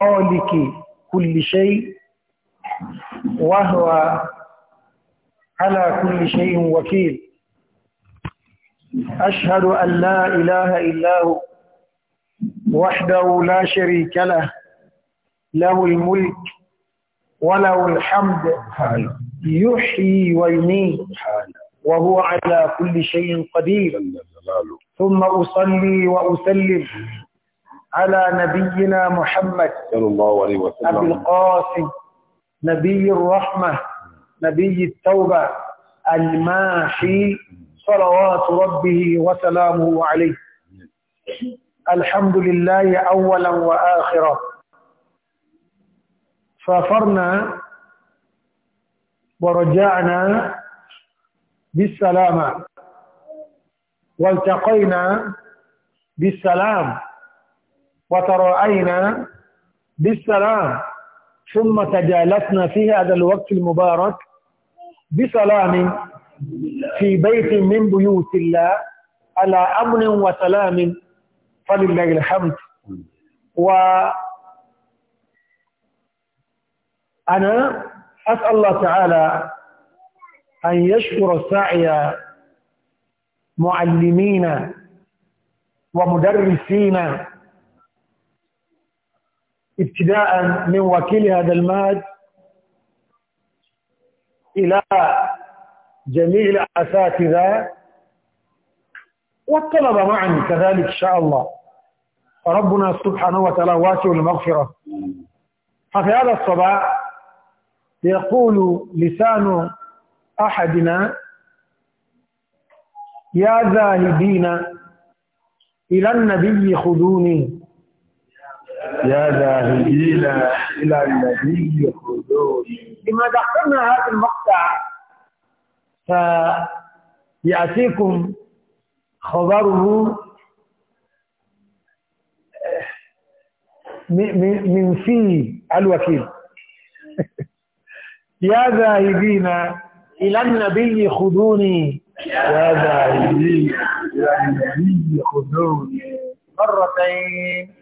خالق كل شيء وهو على كل شيء وكيل أشهد أن لا إله إلا هو وحده لا شريك له له الملك وله الحمد يحيي ويميت وهو على كل شيء قدير ثم أصلي وأسلم على نبينا محمد صلى الله عليه وسلم أبي القاسم نبي الرحمة نبي التوبة الماحي صلوات ربه وسلامه عليه الحمد لله أولا وآخرا سافرنا ورجعنا بالسلامة والتقينا بالسلام وترأينا بالسلام ثم تجالسنا في هذا الوقت المبارك بسلام في بيت من بيوت الله على أمن وسلام فلله الحمد و أنا أسأل الله تعالى أن يشكر سعي معلمينا ومدرسينا ابتداء من وكيل هذا المهد إلى جميع الأساتذة والطلبة معا كذلك إن شاء الله فربنا سبحانه وتعالى واسع المغفرة ففي هذا الصباح يقول لسان أحدنا يا ذاهبين إلى النبي خذوني يا ذاهبين إلى النبي خذوه لما دخلنا هذا المقطع فيأتيكم خبره من في الوكيل يا ذاهبين إلى النبي خذوني يا ذاهبين إلى النبي خذوني مرتين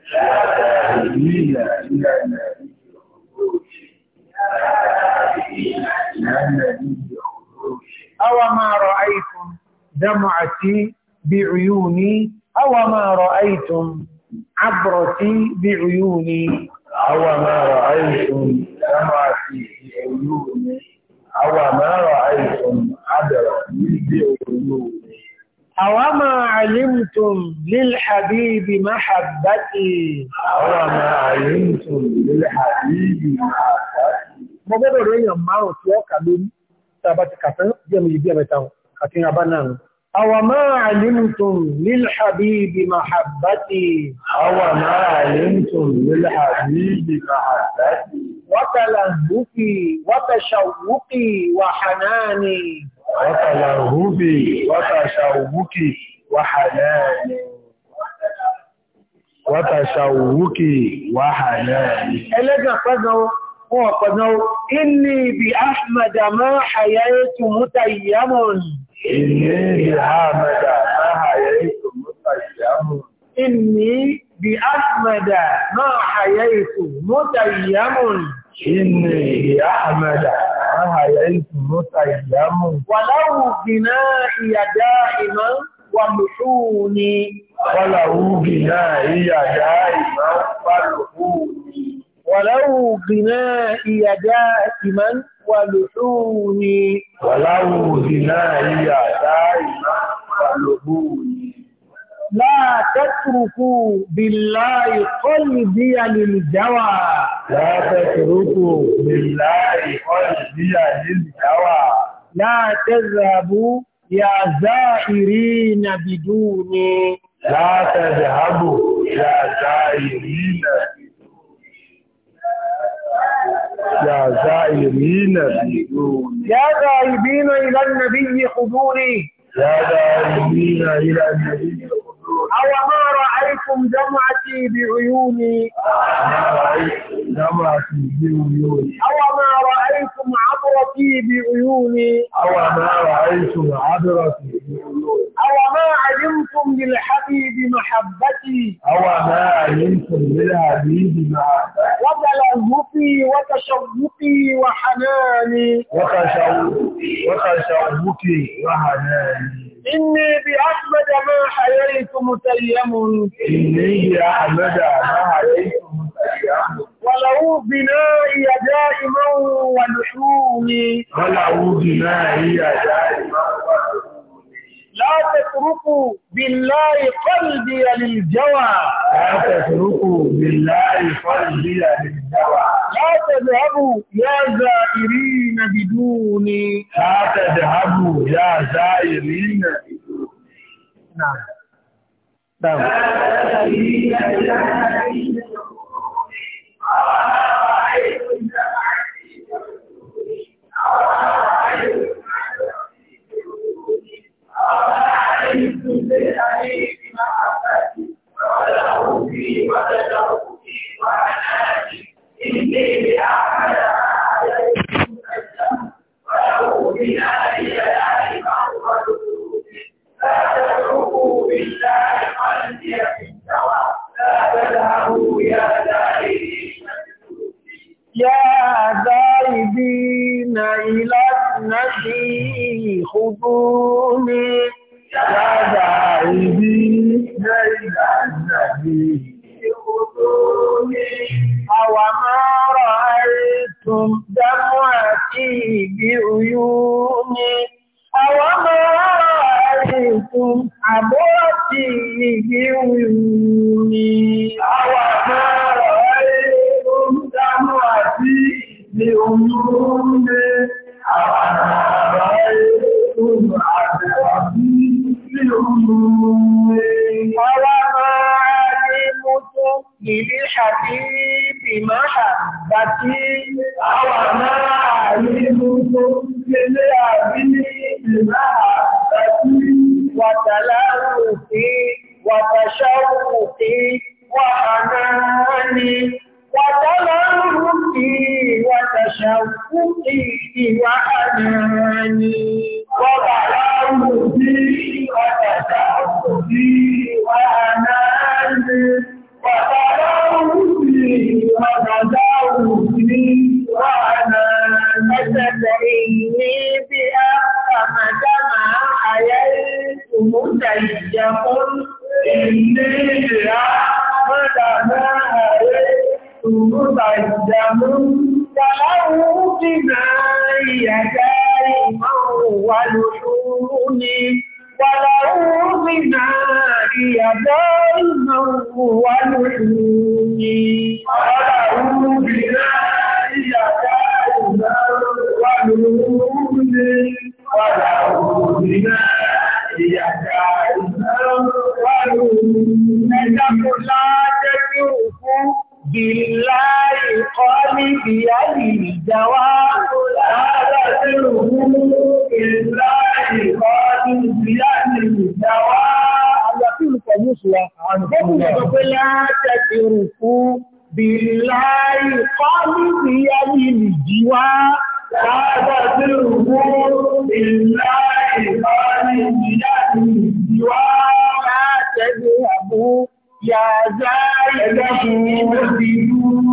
لا أو ما رأيتم دمعتي بعيوني أو ما رأيتم عبرتي بعيوني أو ما رأيتم دمعتي بعيوني أو ما رأيتم عبرتي بعيوني أوما علمتم للحبيب محبتي أوما علمتم للحبيب محبتي mo gbọ́dọ̀ rẹ̀ èèyàn márùn tí ó kà lórí tàbá ti kàtán bí ẹmọ ìbí ẹmẹta àti ìrìnàbá náà أوما علمتم للحبيب محبتي أوما علمتم للحبيب محبتي وتلهفي وتشوقي وحناني وتلهب وتشوك وحنان وتشوك وحنان ẹlẹ́gbẹ̀ pẹ́gbọ́n wọn ọ̀pọ̀gbọ́n inú ibi ahmada máa hayaitu múta ìyàmùn inú ibi ahmada máa hayaitu múta ìyàmùn inú ibi ahmada máa hayaitu múta ìyàmùn hayaitu mota ìyàmù. Wàláwù bìnà ìyàdá ìmọ̀ wà lùsù ni. Wàláwù bìnà ìyàdá ìmọ̀ wà lùsù ni. Wàláwù bìnà ìyàdá ìmọ̀ wà lùsù ni. Wàláwù bìnà ìyàdá ìmọ̀ wà lùsù ni. لا تتركوا بالله قلبي للجوى لا تتركوا بالله قلبي للجوى لا تذهبوا يا زائرين بدوني لا تذهبوا يا زائرين يا زائرين بدوني يا ذاهبين إلى النبي قبوري يا ذاهبين إلى النبي أو ما رأيتم دمعتي بعيوني بعيوني أو ما رأيتم عبرتي بعيوني أو ما رأيتم عبرتي أو ما علمتم للحبيب محبتي أو ما علمتم للحبيب محبتي وتلهفي وتشوقي وحناني وتشوقي وتشوقي وحناني إني بأحمد ما حييت متيم إني بأحمد ما حييت متيم ولو بنائي دائما ولحومي ولو بنائي دائما ولحومي لا تتركوا بالله قلبي للجوى لا تتركوا بالله قلبي للجوى لا تذهبوا يا زائرين بدوني لا تذهبوا يا زائرين بدوني نعم نعم متعجب إليها فلما متعجب فله بناية ولحون وله بناية ولحون وله بناية ولحون وله بالله قال بيدي الجواب هذا سره بالله قال بيدي الجواب يقولك يسوى عنه لا تتركوا بالله قال بيدي الجواب هذا سره بالله قال بيدي الجواب لا تذهبوا يا زاد ẹ̀dá fún ó ti dúró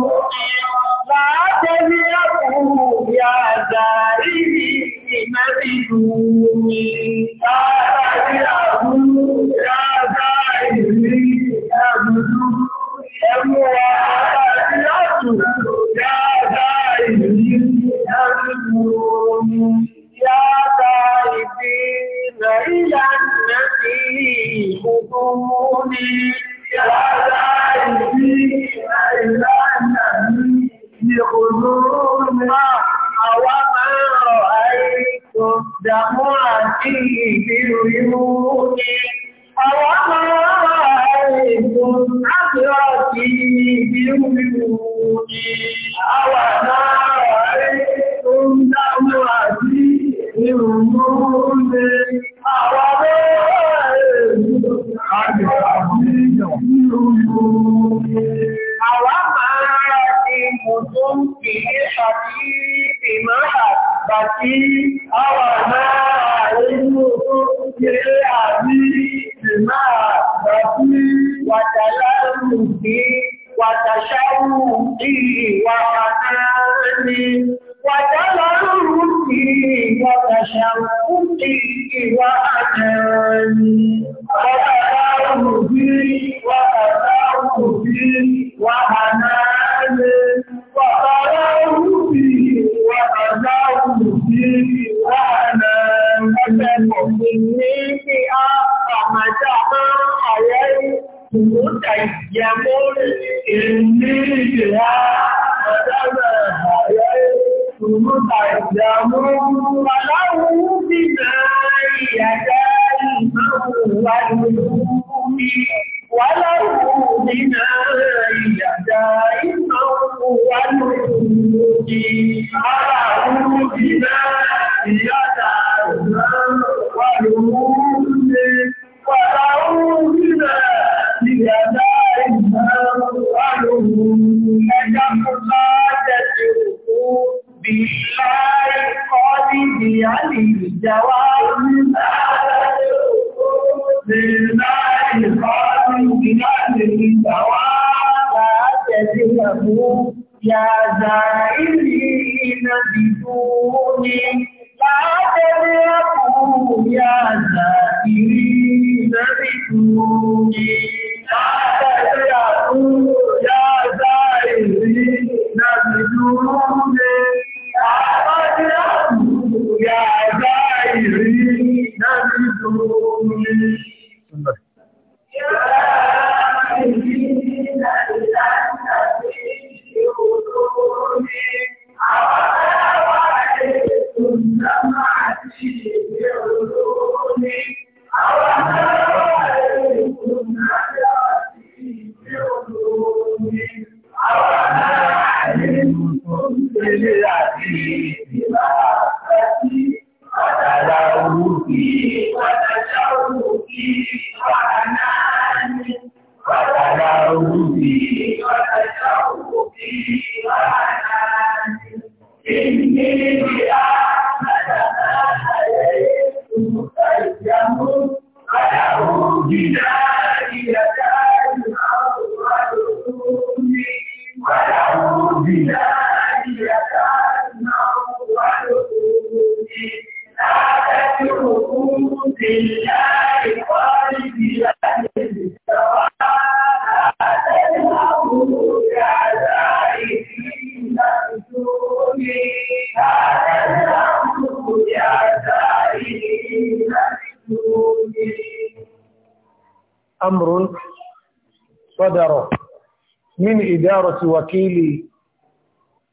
زيارة وكيل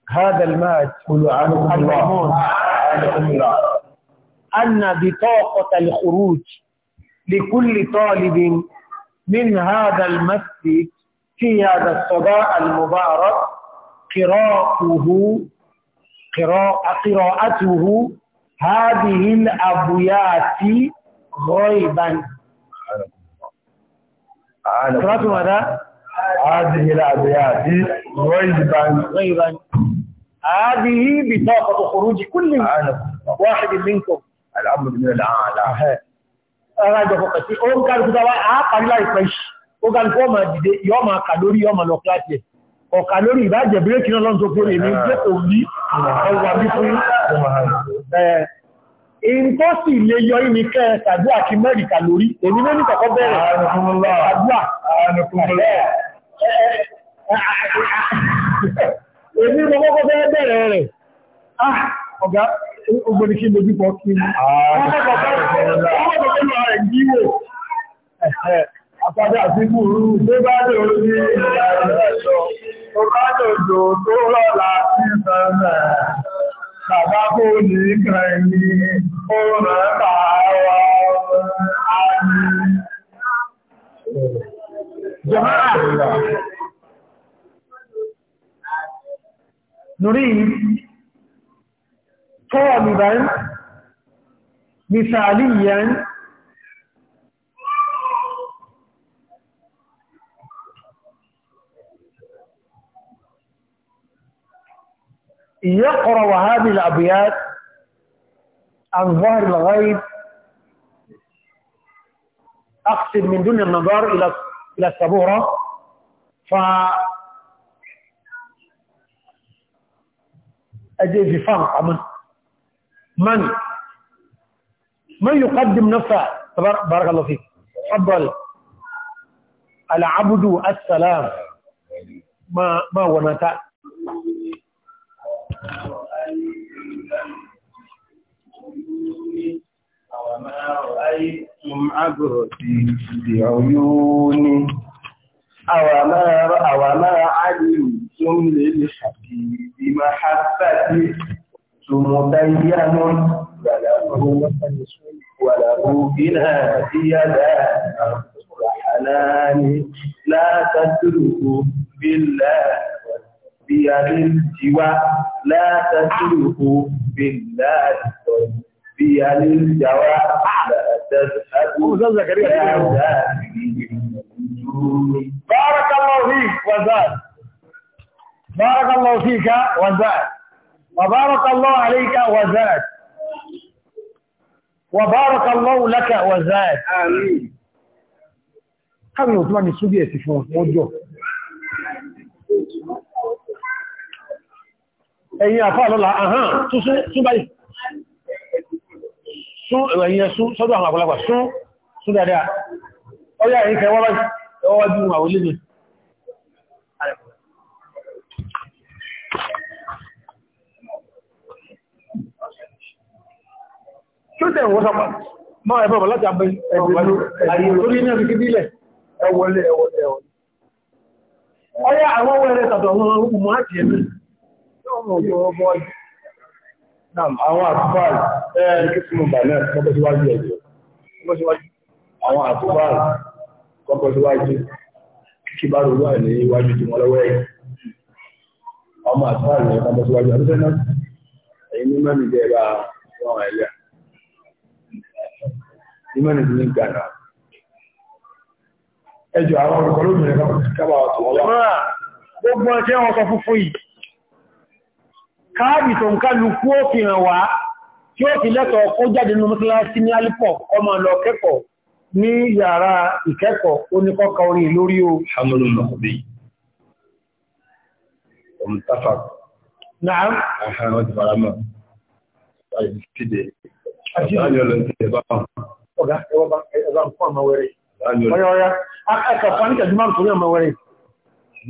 هذا المات الميمون أن بطاقة الخروج لكل طالب من هذا المسجد في هذا الصباح المبارك قراءته قراءة قراءته هذه الأبيات غيبا قراءته ماذا؟ هذه الأبيات غيبا غيبا هذه بطاقة خروج كل واحد منكم الأمر من الأعلى أراد فقط أم كان كتابة أقل لا يفش ó ga ní kó máa dìde yọ́ máa kà lórí yọ́ máa lọ kíláàsì ẹ̀ ọ̀kà lórí ìbájẹ̀ bíréèkì náà lọ́nà tó fórí èmi jókòó ní ọwà bí fún in tó sì lè yọ ìní kẹ́ tàbí àti mẹ́rìkà lórí èmi ló ní kọ̀kọ́ bẹ̀rẹ̀ àdúrà Èmi mo kọ́kọ́ fẹ́ bẹ̀rẹ̀ rẹ̀. Ah, ọ̀gá, ogbò kí lójú pọ̀ kí ah, ní. Àpàdé جماعة نريد طالبا مثاليا يقرأ هذه الأبيات عن ظهر الغيب أقصد من دون النظر إلى إلى السبورة ف أجي في فرع من من من يقدم نفسه بارك الله فيك تفضل العبد السلام ما ما نتائج وما رأيتم عبرتي بعيوني أوما أوما علمتم للحبيب محبتي بين وله وله بنا يدا وحنان لا تتركوا بالله بيد الجوى لا تتركوا بالله في بارك الله فيك وزاد بارك الله فيك وزاد وبارك الله عليك وزاد وبارك الله لك وزاد آمين káàrin òtún máa ní اي يا فاضل اها ẹ̀yìn àfáà sún ẹ̀yẹ sún sọ́dọ̀ àwọn àpọ̀lápà sún sún dáadáa ọya ìfẹ́ wọ́wájú àwọn olóògbé tí ó tẹ̀ wọ́n sọpá máa ẹ̀bọ̀ láti ọmọ Nam, àwọn àtúfààlì, ẹ́ẹ̀ kí tí mo bà náà kọ́kọ́ síwájú ẹ̀jọ́. Àwọn àtúfààlì kọ́kọ́ síwájú, kí bá rú wà ní iwájú tí wọ́n lọ́wọ́ ẹ̀yìn. Ọmọ àtúfààlì ní ọkọ̀ síwájú, àdúgbò náà, ẹ̀yìn ní mẹ́rin jẹ́ ẹ̀rọ àwọn ẹ̀lẹ́. Ní mẹ́rin ti ní Ghana. Ẹjọ́ àwọn olùkọ́ lóbìnrin kábàá tó wọ́n wá. Gbogbo ọjọ́ wọn sọ fúnfún káàdì tó ń kálu kú ó fi hàn wá tí ó fi lẹ́tọ̀ kó jáde nínú mọ́sálásí ní alipọ̀ ọmọ lọ kẹ́kọ̀ọ́ ní yàrá ìkẹ́kọ̀ọ́ oníkọ́kọ́ orin lórí o. hamadu aha wọn ti fara mọ àyè fìdè. àti ìyọ̀ lọ sí ẹ̀bá. ọ̀gá ẹ̀wọ́ bá ẹ̀bá ń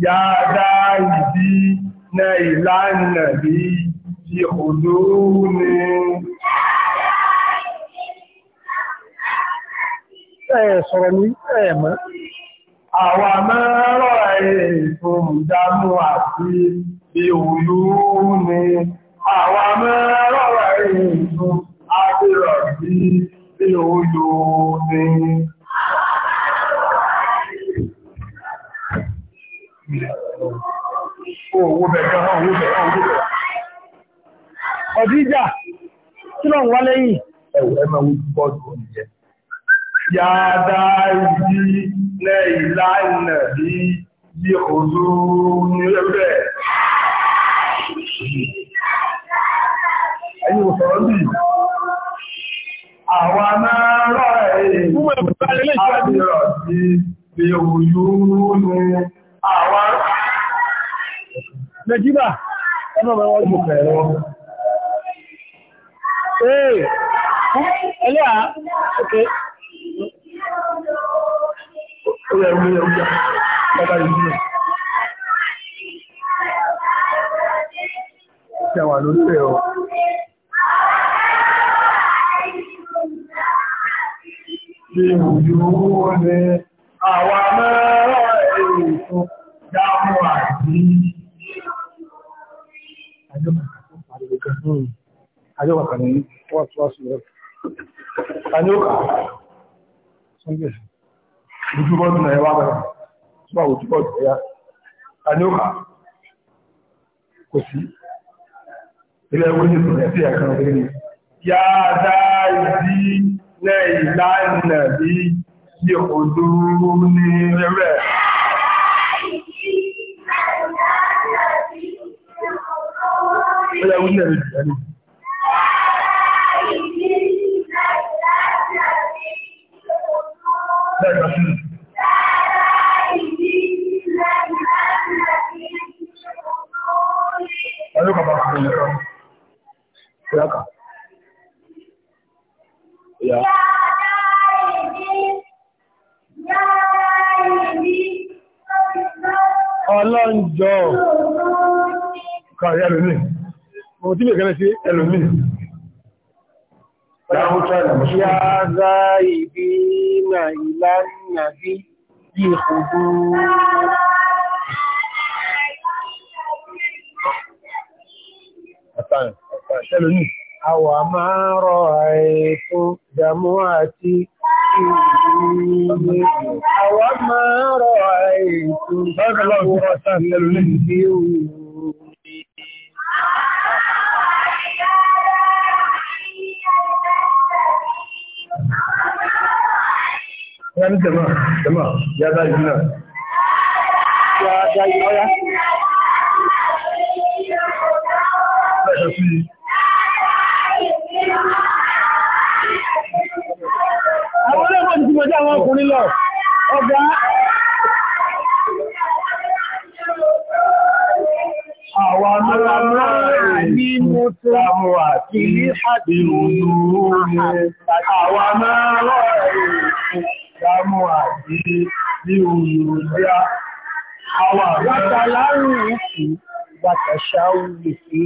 يدايدين إلى النبي خذوني ẹ sọ̀rọ̀ ní ẹ̀mọ́. Àwọn mẹ́rọ èèkùn dámú àti ìwúlú ni. Àwọn mẹ́rọ èèkùn àti rọ̀ sí ìwúlú ni. ìpìlẹ̀ owó bẹ̀rẹ̀ owó bẹ̀rẹ̀ owó bẹ̀rẹ̀ ọ̀díjà tí lọ wá lẹ́yìn ẹ̀wọ̀ ẹ máa wojú bọ́ọ̀dù oúnjẹ yàdá ìdílẹ̀ ìlànà bí bí òru nílẹ̀ ẹ̀yìn òsọ̀rọ̀ bí àwọn anáàrọ̀ ẹ̀yìn àbírọ̀ sí bí òru nílẹ̀ Nàìjíríà, ẹmọ mọ̀ wọ́n jù pẹ̀lú. Ee, ẹlẹ́ à, ok. Ó yẹ omi yẹ oúnjẹ, bàbá yìí jù. Ṣé lórí rẹ̀ o? Bí ojú rẹ̀, àwa máa àjọwà kan ní wàásùwàásù rẹ̀. Àníọ́kà Sunday ojúbọ́dù náà ẹwà bẹ̀rẹ̀ ṣúgbà ojúbọ́dù ẹ̀yà. Àníọ́kà kò sí ilẹ̀ ẹgbẹ́ ní ìtòlẹ̀ sí ẹ̀kan ọ̀gbẹ́ ni. Yá dá ìdí lẹ́ ìlànà bí yí òdó ní rẹ̀. Ó yẹ wúlẹ̀ rẹ̀ jù ẹ́ nìyí. العزيز Ọlọ́kọ̀ bá fún ìlú kan. Ìyáka. Ìyá. Ọlọ́njọ́. Kàrí ẹlòmí. Mo tí lè kẹ́lẹ́ sí ẹlòmí. Ìyá Záìdí. ينظرن إلى النبي خدوعا أو ما رأيت دمعتي أو ما رأيت دمعتي wọ́n ní jẹ̀mọ́ jẹ̀mọ́ ya dá ìlú náà àwọn olóògbò ti mọ̀já àwọn ọkùnrin lọ ọgbà Àwọn aláàrẹ ní mú tí a àti ní àti ìrùn Àwọn aláàrẹ ìṣàmù àti ní òyìnbíà. Àwọn àgbàtà láàrin ìsì wàtàṣà òye sí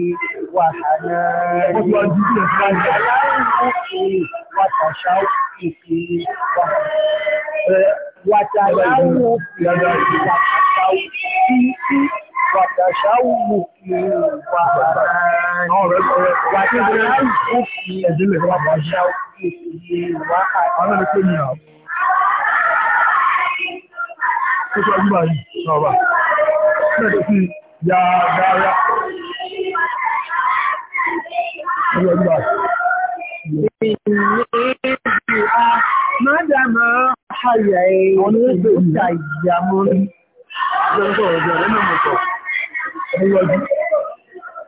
wàhánà rẹ̀. Àgbàtà láàrin ìsì wàtàṣà òye sí wàhánà rẹ̀. Wàtàṣà òye sí wàtàṣà òye wàhánà rẹ̀. Wàtàṣà òye sí wàhánà rẹ̀ ó sọ nígbà yìí náà wà lẹ́ẹ̀kẹ́ sí ya dára ọjọ́ nígbà Mádàmá àyà ẹ̀yìn ìgbésà ìyàmọ́ lọ́jọ́ ọjọ́ ẹ̀rọ náà mọ̀tọ̀ ẹ̀yọ́jú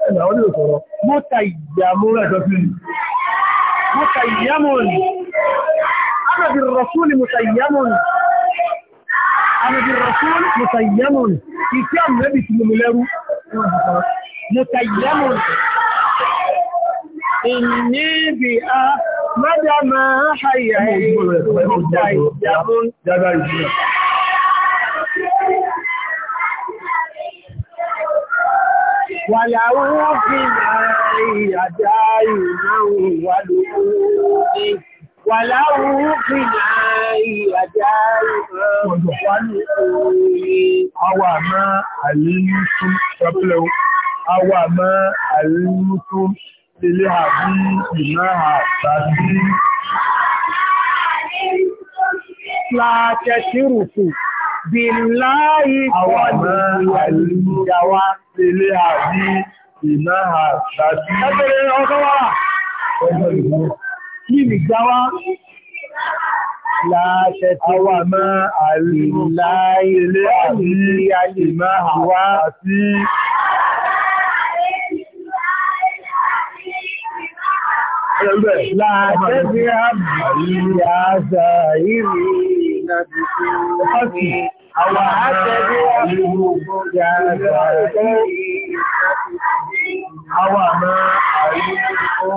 ẹ̀nà àwọn ilé ìsọ̀rọ̀ mọ́ta ìyàmọ́ ẹ̀tọ́ sí mọ́ta ìyàmọ́ ni àmìbí rasul mùsàyẹ́mùn ìfẹ́ àmìlẹ́bì ti lómi lẹ́rú mùsàyẹ́mùn ìníbi a mọ́dá máa ṣàyà mùsàyẹ́mùn wàláwó fi láàrin àjá ìrìnà wà lóòrùn wàláwó fi láàrin awa ma alimutum sọpẹlẹ o awa ma alimutum lele àbí ìmọ̀ àtàbí láàkẹ́sìrùkù bí láàyè awa ma alimutum lele àbí ìmọ̀ àtàbí ẹgbẹ̀rẹ̀ ọkọ̀ wà kí nìgbà wá láṣẹ tí wà máa àríláìlé àbí alìmá àwá àti láṣẹ tí a bàrí àṣà ìrì nàbí fún àwọn àṣẹ́bí àríwògbò yàrá ìrì nàbí fún àwọn àmà àríwògbò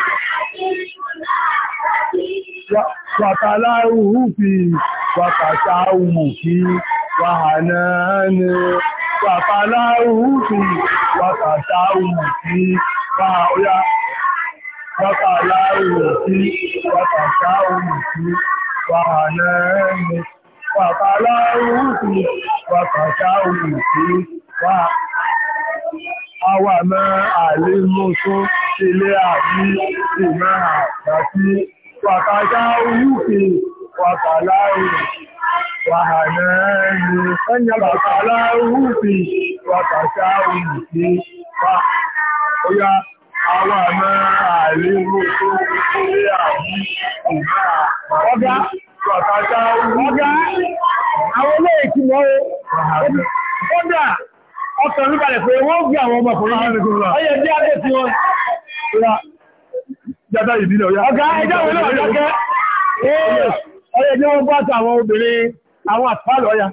وطلعه فيه وقسعه فيه وعنانه وطلعه فيه وقسعه فيه وعيا وطلعه فيه وقسعه فيه وعنانه وطلعه فيه وقسعه فيه وعوى ما علمه ilé àbí ìmọ̀ àti wàtàláwùkì wàtàláwù wàhánẹ́ẹ̀ni ẹ̀yẹ wàtàláwùkì wàtàláwùkì wà óyá àwọn àmọ́ àìlérò tó kéré àbí ìgbà ọ̀gá wàtàláwùkì àwọn olóòkì mọ́ kódà ọkàn níbalẹ̀ pé wọ́n gbé àwọn ọmọkùnrin ọyẹ jẹ́ àdé tí wọ́n Jẹ́ta ìdí náà yá. Ọ̀gá ẹjọ́ ìwé náà dákẹ́. Ọyẹ jẹ́ wọ́n bá tó àwọn obìnrin àwọn àtúfàlù ọ̀yà.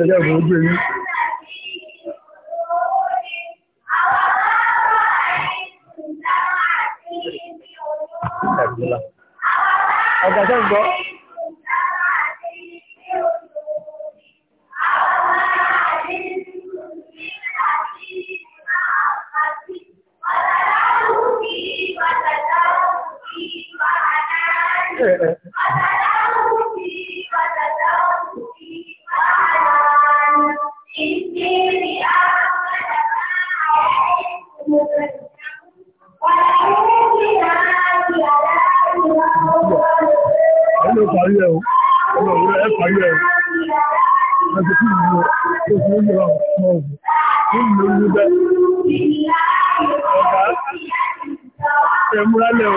Ẹjọ́ ìwé ojú ẹni. Ọ̀gá rẹ̀. Ẹlẹ́ parí ẹ̀ o, ọmọ ìwé ẹ parí ẹ̀ o, ẹgbẹ́ tí ìlú tó fi ń yọ ọmọ ọ̀gbìn, tí ìlú ń rí bẹ́ẹ̀. Ọ̀gá, ẹ múra lẹ́ o.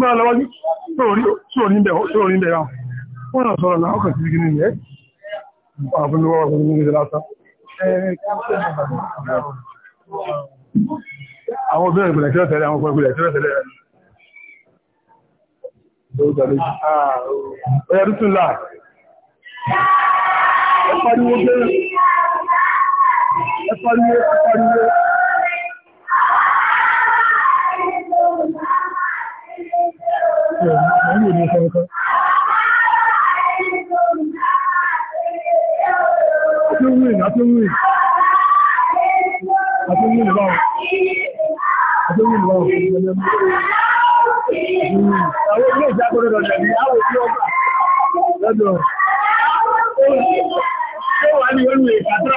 máa lọ wájú sóòrí bẹ̀ sóòrí bẹ̀ wọ́n náà sọ̀rọ̀ náà ọkọ̀ títí gíní rẹ̀ àwọn olówó ọkọ̀ tí ó tẹ̀lé àwọn ìpìlẹ̀ ẹ pariwo ẹ pariwo ẹ pariwo màálù ní kọ́ńkọ́. Atúnwìn, atúnwìn. Atúnwìn báwọn. Atúnwìn báwọn. Àwọn ilé ìjà kọ́rọ̀ lọ́dọ̀ ní àwọn ilé ọgbà lọ́dọ̀. Ṣé wà ní olú ìkàtọ́?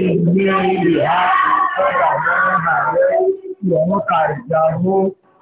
Ìgbé ilé ha, ọ̀rọ̀ àwọn ọmọ rẹ̀, ìwọ̀n kàrìjà mú.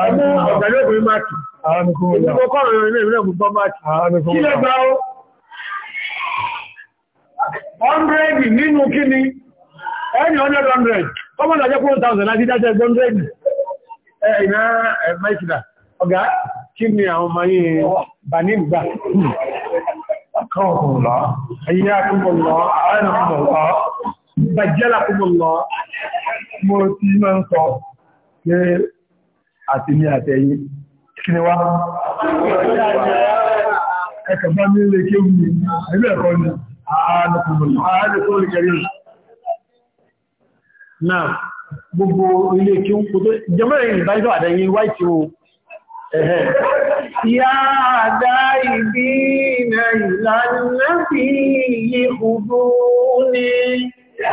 ọ̀gá ló kún máàkì. Ìgbìmọ̀ kọ́ ọ̀rọ̀ ilé ìrìnà gbogbo máàkì. Kí lè gbà ó? Ọ́ndrẹ́dì nínú kí ni? Ẹni hundred hundred, kọ́mọ̀ náà jẹ́ kúrò thousand láti dájẹ́ ọ́ndrẹ́dì. Ẹ ìná Máìkìlá, ọ̀gá, kí ni àwọn ọmọ yìí bàní gbà? Akọ́kùnlọ́, ayé akúmọ̀lọ́, àárẹ̀kùnmọ̀lọ́, bàjẹ́lá kúmọ̀lọ́, mo ti máa ń sọ, àti ní àtẹ̀yìn kí ni wá ẹ̀kà bá ní ilé kí ó ní ẹgbẹ́ ẹ̀kọ́ ni ààrùn gbogbo o ya àdá ìbí na ìlànà sí yí ní ya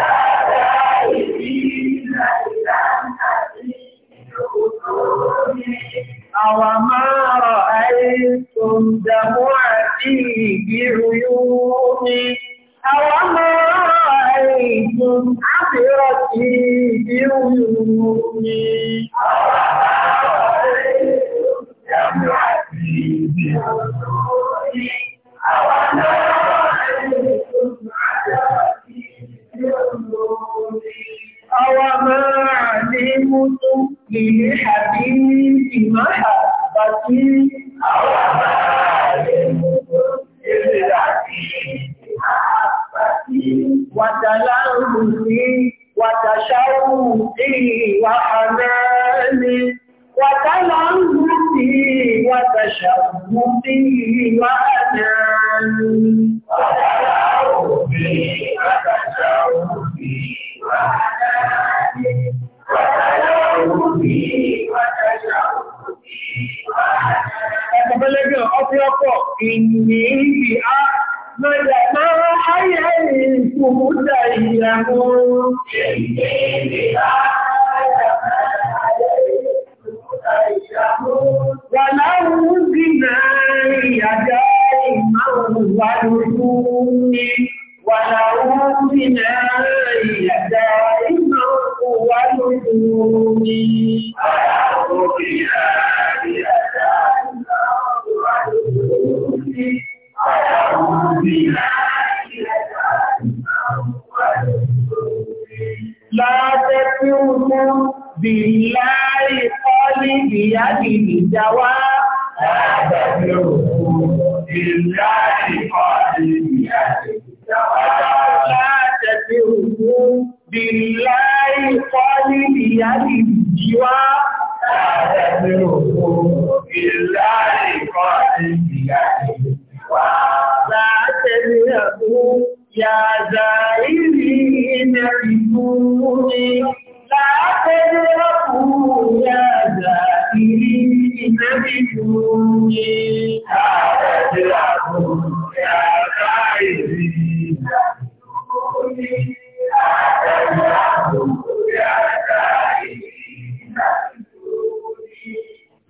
أوما رأيتم دموعتي بعيوني أوما رأيتم عبرتي بعيوني أوما رأيتم دموعتي بعيوني أوما Àwàmọ́ àdéhùtú lè ní àdéhùtì máa bàtí. Àwàmọ́ àdéhùtì.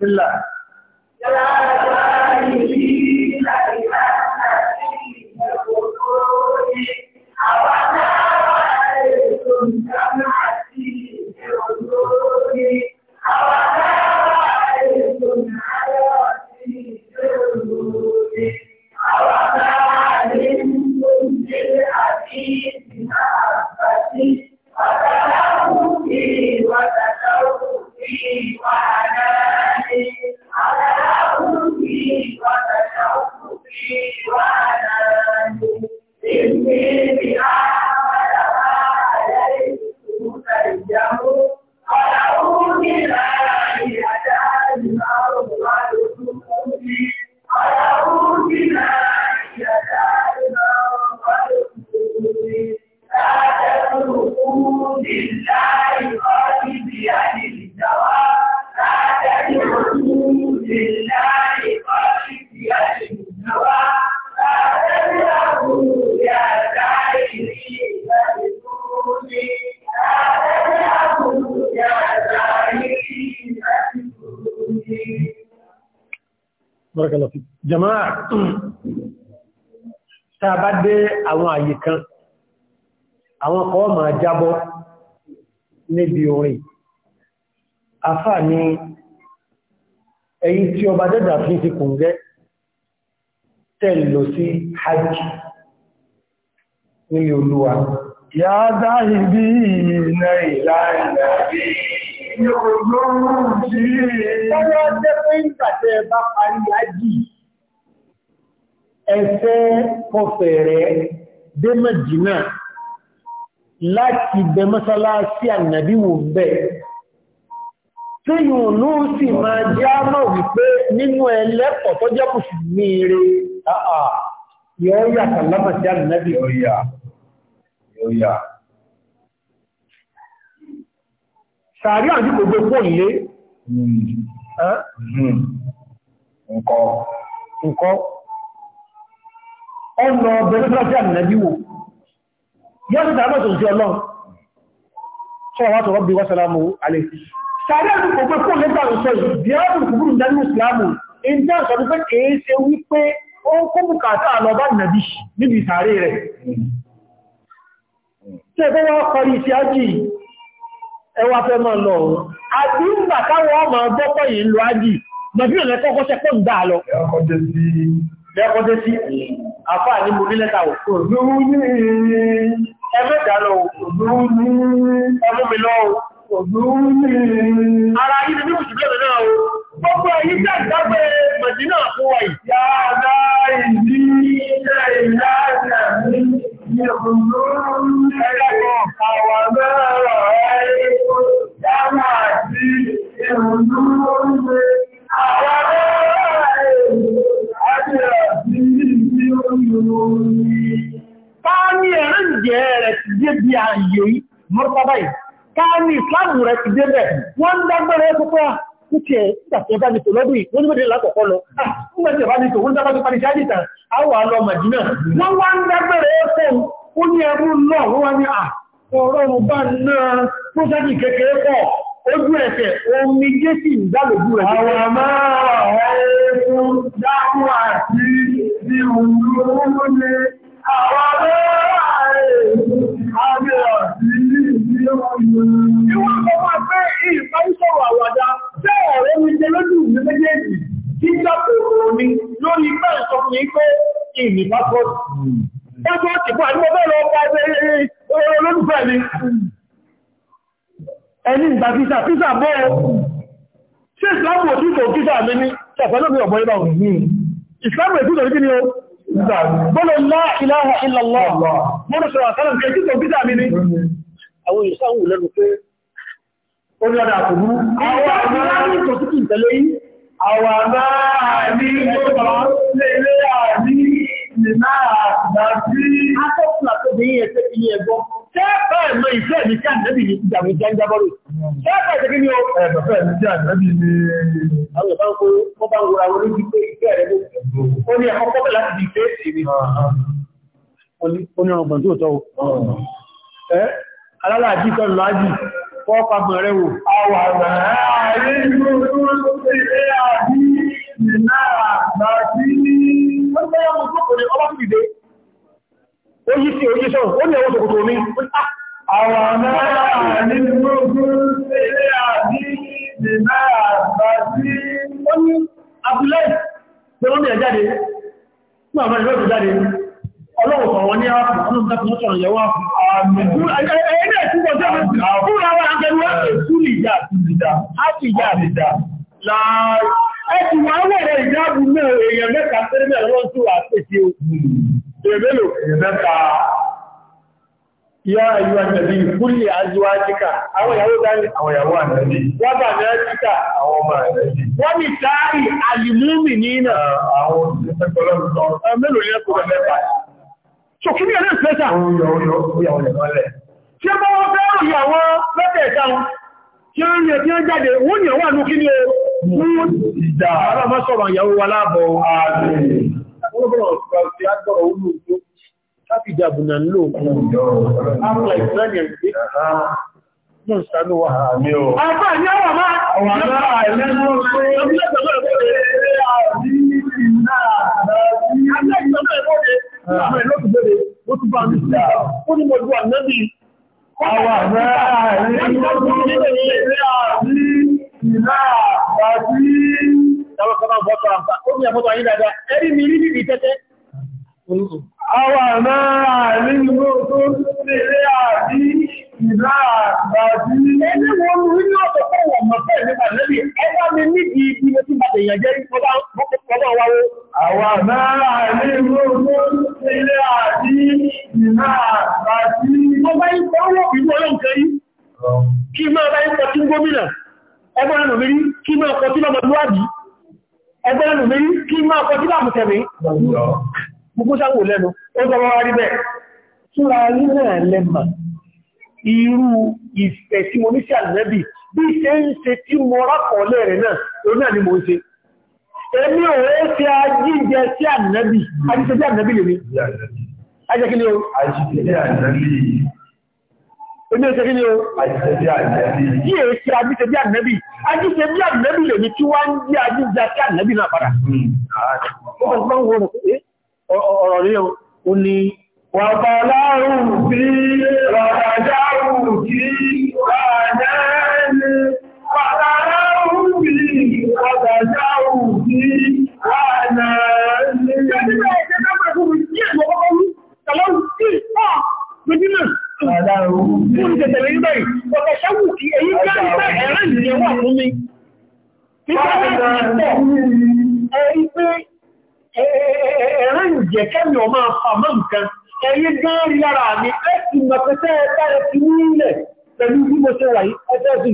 bismillah àyè kan àwọn kan máa jábọ́ níbi orin afá ni èyí tí ọba dẹ́dà fi ti kùn gẹ́ tẹ́lò sí hajj nílé olúwa yá dáhì bí iná ìlànà bí Yóògbóhùn sí ẹ̀rọ jẹ́ pé ń tàtẹ́ bá parí ajì, ẹ̀fẹ́ kọfẹ̀ rẹ̀ dé Mẹ́dínà láti bẹ mọ́sálásí ànàbí wò bẹ̀ tí yùn ló sì máa jẹ́ àmà wípé nínú ẹlẹ́pọ̀ tó jẹ́ mùsùlùmí rẹ̀ àà yọ́ yà kàlámà sí ànàbí ọ̀yà ọ̀yà sàárì àti gbogbo pò nílé nǹkan hmm. hmm. nǹkan ọ̀nà ọbẹ̀ ní fúnra sí ànàbí wò yọ́sù tàbí ọ̀tọ̀ sí ọlọ́run sọ́rọ̀ wá tọ̀rọ̀ bí wọ́sàlámù alẹ́ sàárẹ́ àti kò pé kó lẹ́gbà ń sọ yìí bí á rùn kúrú dánú ìsìlámù in jẹ́ sọ wípé kìí ṣe wípé ó kó bùkátà àlọ́bá nàbí níbi sàárẹ́ rẹ̀ tí ẹgbẹ́ wọ́n parí sí ájì ẹwà fẹ́ máa lọ ọ̀run àti ìgbà káwọn ọmọ ọgbọ́pọ̀ yìí lọ ájì nàbí ọ̀lẹ́kọ́kọ́ sẹ́pọ̀ ń dà lọ lẹ́kọ́jẹ́ sí àfáà ní mo nílẹ́ta òkúrò ní ẹgbẹ́ta lọ òkúrò ní ẹmú mi lọ òkúrò ní ara yìí ni mímú ṣùgbọ́n náà o gbogbo ẹ̀yí jẹ́ ìdágbé mẹ̀dínà fún wa yìí. yàrá ìdí ilẹ̀ ìlànà mi ni òkúrò ní ẹgbẹ́ àwọn mẹ́rọ ẹ̀yí dáhùn àti ìrùnú ní àwọn Káàní ẹ̀rán jẹ́ rẹ̀ ti dé bí ààyè mọ́rọ̀tàbá yìí. Káàní ìsìláàmù rẹ̀ ti dé bẹ̀. Wọ́n dágbẹ̀rẹ̀ púpọ̀ kúkẹ́ ìgbàtí ọba nìtò lọ́dún yìí. Wọ́n ní mẹ́rin lákọ̀ọ́kọ́ lọ. Nígbàtí ọba nìtò, wọ́n dágbàtí parí ṣáàdì tàn, á wà lọ Màdínà. Wọ́n wá ń dágbẹ̀rẹ̀ fún ó ní ẹrú wọ́n wá illallah mọ́rún sọ̀rọ̀ àtàlàm kẹ́ títọ̀ bídà mi ni àwọn èèyàn sáwọn lẹ́nu pé ó ní ọ̀dà àkùnrú àwọn àmì tó títì tẹ̀lé yìí àwọn àmì tó tọ̀ lé ilé àmì nìna àdájí akọ́kùnlá tó bí iye tẹ́ iye ẹgbọ́ ìfẹ́ mi kí àdẹ́bì ní ìjà mi ń wura onírọ̀gbọ̀n tí ó tọ́ ẹ́ alálàájí tọ́lù láàájì fọ́ọ̀pá mọ̀rẹ́ wò Àwọn ọmọ ààrẹ ní gbogbo ilé àbí ìdìmá àgbàtí ó ní abúlé, tó lọ́nà ẹ̀jáde, fún àwọn ìrọ́dù jáde, ọlọ́wọ̀ sọ̀rọ̀ ní ààbò ọlọ́run dákùn ó sọ̀rọ̀ yẹ̀wọ́ ààbò ẹ̀yẹ́ ẹ̀kú ọjọ́ fún àwọn akẹrùwẹ́ ẹ̀kú ìjà àtìjà àtìjà àtìjà láàárín ẹ̀kú wà wẹ̀rẹ̀ ìjáàbù náà èèyàn mẹ́ta tẹ́lẹ̀ lọ́n tó wà pèsè òkú ìrẹ́ta ya ayu annabi kulli azwajika aw yawo dani aw yawo annabi wa ba nasika aw ma annabi wa ni tai alimuminina aw ni tagolo melo le ko le pa ṣòkí ní ẹ̀rẹ́ ìpẹ́ta tí ó bá wọ́n fẹ́ràn ìyàwó mẹ́tẹ̀ẹ̀ta tí ó ń yẹ tí ó jáde wọ́n ni ọwà ní kí ní ohun ìdá ara mọ́ sọ̀rọ̀ ìyàwó wa láàbọ̀ Àjẹ́ ọ̀nà ìlọ́dẹ àwọn ìlọ́dẹ ó ti bá mi sí ó ní mo ju ànábì àwọn àgbẹ̀ àrí ìlà àti ìlà àti Àwọn àmọ́ra nínú tó lè àbí ìlà àgbàjú. Ẹni wọn rí ní ọ̀pọ̀ fún wọn mọ̀ fẹ́ nípa lẹ́bí, ẹgbà mi níbi ibi mo ti bàtẹ̀ ìyànjẹ́ ọba wáwó. Àwọn àmọ́ra nínú tó lè àbí ìlà àgbàjú. Mo bá ń pọ̀ wọ́n ìlú ọlọ́nkẹ́ yìí. Kí máa bá ń pọ̀ tí gómìnà, ẹgbẹ́ rẹ̀ nù mí rí, kí máa pọ̀ tí lọ́mọdúwàbí, ẹgbẹ́ rẹ̀ nù mí rí, kí máa gbogbo sáwò lẹ́nu ó tọrọ wá rí bẹ́ẹ̀ túra rí náà lẹ́mà irú ìfẹ́ tí mo ní sí àlẹ́bì bí ṣe ń ṣe tí mo rákọ̀ọ́lẹ̀ rẹ̀ náà òun náà ni mo ń ṣe èmi ò rẹ́ ṣe ajíjẹ sí ànẹ́bì ajíjẹ sí ànẹ́bì lè mi ajíjẹ kí ni o ajíjẹ sí ànẹ́bì èmi ò ṣe kí ni o ajíjẹ sí ànẹ́bì yí è ṣe ajíjẹ sí ànẹ́bì sí ànẹ́bì lè mi tí wá ń jí ajíjẹ sí ànẹ́bì náà padà hmm ọ̀rọ̀ rí o ní wàbàláhùn sí ràdáhùn sí ràdáhùn wàbàláhùn sí ràdáhùn sí ràdáhùn Fún ìtẹ̀tẹ̀lẹ̀ ìgbẹ̀ ìpọ̀tẹ̀ṣẹ́wù kí èyí jẹ́ ìgbẹ̀ ẹ̀rẹ́ ìjẹwà fún mi. Títẹ́ máa ń jẹ́ kẹ́mi ọmọ àfàmọ́ nǹkan ẹ̀yẹ gán rí lára mi ẹ́ ti mọ̀ pé tẹ́ ẹ bá ẹ ti ní ilẹ̀ pẹ̀lú bí mo ṣe wà yìí ẹjọ́ ti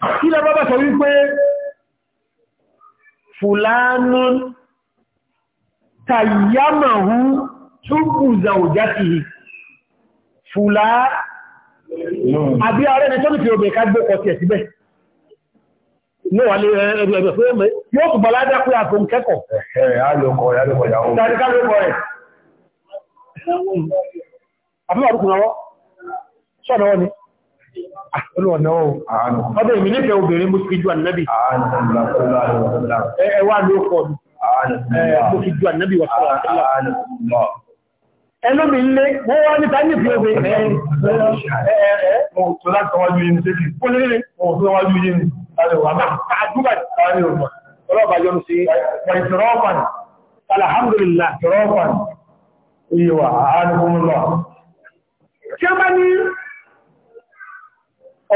kí lọ bábá sọ wípé fùlánú tàyámàhú túnkù zàwòjátìhì fùlá àbí ààrẹ ni tó nìfẹ́ obìnrin ká gbé ọkọ̀ tí ẹ̀ síbẹ̀ níwà lè ẹgbẹ̀gbẹ̀ fún ẹmẹ́ yóò tún bọ̀ ládá pé àfún Olúwọ̀náwó. Ọdún èmi nífẹ̀ẹ́ obìnrin mú kíjú ànábì. Ẹ wá ló kọ̀ ní. Mú kíjú ànábì wà sọ́rọ̀ àtàlà. Ẹlómi nlé, wọ́n wá níta ní ìfẹ́ òfin. Mo tó láti wájú sí. Ìtọ̀rọ̀ọ̀fà ni. Alhamdulillah. Ìtọ̀rọ̀ọ̀fà ni. Iyọ̀ ní